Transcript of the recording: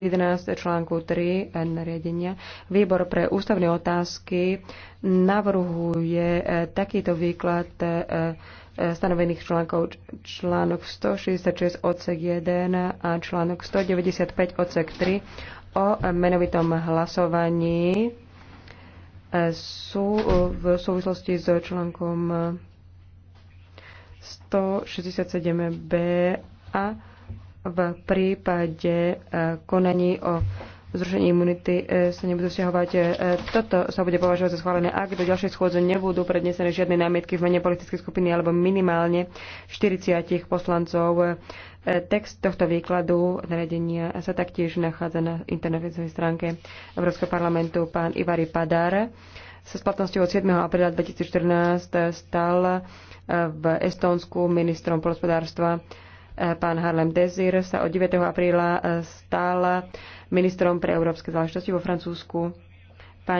11 článku 3 eh, nariadenia. Výbor pre ústavné otázky navrhuje eh, takýto výklad eh, stanovených článkov článok 166 odsek 1 a článok 195 odsek 3 o menovitom hlasovaní sú v súvislosti s článkom 167b a v prípade e, konaní o zrušení imunity e, sa nebudú vzťahovať. E, toto sa bude považovať za schválené, ak do ďalšej schôdze nebudú prednesené žiadne námietky v mene politickej skupiny alebo minimálne 40 poslancov. Text tohto výkladu naredenia sa taktiež nachádza na internetovej stránke Európskeho parlamentu. Pán Ivary Padar sa s platnosťou od 7. apríla 2014 stal v Estónsku ministrom polospodárstva. Pán Harlem Desir sa od 9. apríla stal ministrom pre európske záležitosti vo Francúzsku.